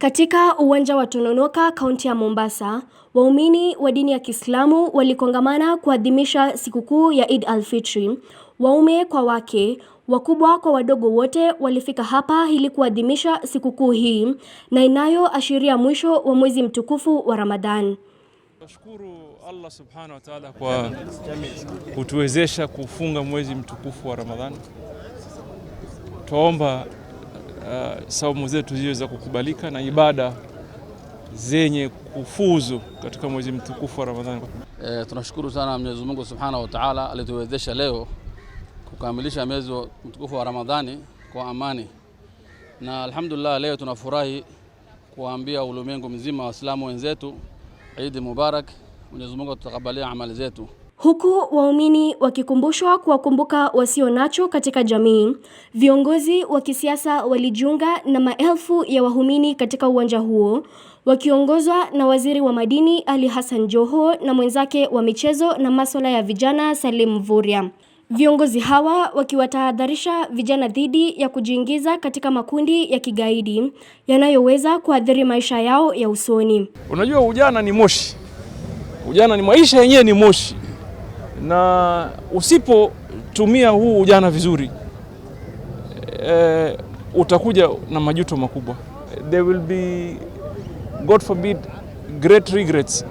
Katika uwanja wa Tononoka, kaunti ya Mombasa, waumini wa dini ya Kiislamu walikongamana kuadhimisha sikukuu ya Eid al-Fitri. Waume kwa wake, wakubwa kwa wadogo, wote walifika hapa ili kuadhimisha sikukuu hii na inayoashiria mwisho wa mwezi mtukufu wa Ramadhan. Tunashukuru Allah subhanahu wa ta'ala kwa kutuwezesha kufunga mwezi mtukufu wa Ramadhan. Tuomba Uh, saumu zetu ziwe za kukubalika na ibada zenye kufuzu katika mwezi mtukufu wa Ramadhani. E, tunashukuru sana Mwenyezi Mungu Subhanahu wa Ta'ala alituwezesha leo kukamilisha mwezi mtukufu wa Ramadhani kwa amani, na alhamdulillah leo tunafurahi kuambia ulimwengu mzima wa Waislamu wenzetu Eid Mubarak, Mwenyezi Mungu atutakabalia amali zetu huku waumini wakikumbushwa kuwakumbuka wasio nacho katika jamii. Viongozi wa kisiasa walijiunga na maelfu ya wahumini katika uwanja huo wakiongozwa na waziri wa madini Ali Hassan Joho na mwenzake wa michezo na masuala ya vijana Salim Mvurya. Viongozi hawa wakiwatahadharisha vijana dhidi ya kujiingiza katika makundi ya kigaidi yanayoweza kuathiri maisha yao ya usoni. Unajua, ujana ni moshi, ujana ni maisha yenyewe ni moshi na usipotumia huu ujana vizuri e, utakuja na majuto makubwa. There will be God forbid great regrets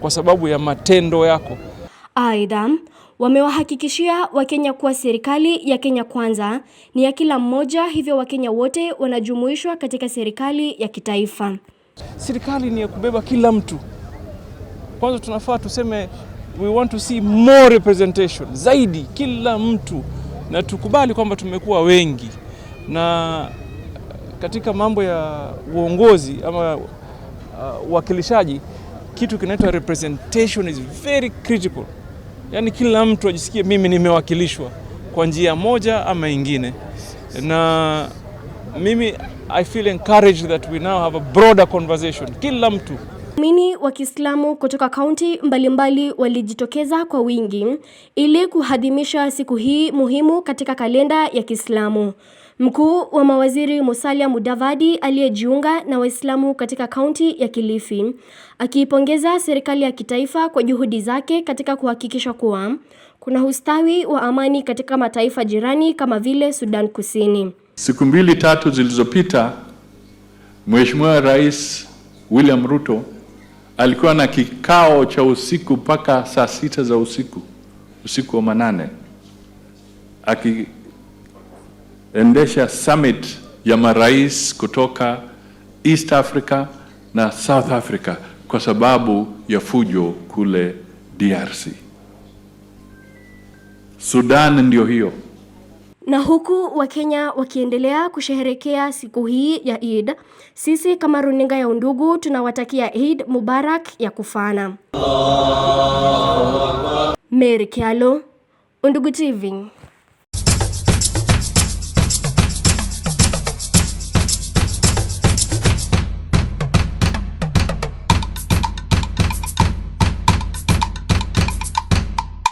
kwa sababu ya matendo yako. Aidha, wamewahakikishia Wakenya kuwa serikali ya Kenya Kwanza ni ya kila mmoja, hivyo Wakenya wote wanajumuishwa katika serikali ya kitaifa. Serikali ni ya kubeba kila mtu. Kwanza tunafaa tuseme we want to see more representation, zaidi kila mtu, na tukubali kwamba tumekuwa wengi, na katika mambo ya uongozi ama uh, uwakilishaji uh, kitu kinaitwa representation is very critical, Yani kila mtu ajisikie mimi nimewakilishwa kwa njia moja ama ingine, na mimi I feel encouraged that we now have a broader conversation, kila mtu Waumini wa Kiislamu kutoka kaunti mbalimbali walijitokeza kwa wingi ili kuhadhimisha siku hii muhimu katika kalenda ya Kiislamu. Mkuu wa mawaziri Musalia Mudavadi aliyejiunga na Waislamu katika kaunti ya Kilifi akiipongeza serikali ya kitaifa kwa juhudi zake katika kuhakikisha kuwa kuna ustawi wa amani katika mataifa jirani kama vile Sudan Kusini. Siku mbili tatu zilizopita, Mheshimiwa Rais William Ruto alikuwa na kikao cha usiku mpaka saa sita za usiku, usiku wa manane, akiendesha summit ya marais kutoka East Africa na South Africa kwa sababu ya fujo kule DRC. Sudan ndio hiyo. Na huku Wakenya wakiendelea kusherehekea siku hii ya Eid, sisi kama runinga ya Undugu tunawatakia Eid Mubarak ya kufana. Mary Kyalo, Undugu TV.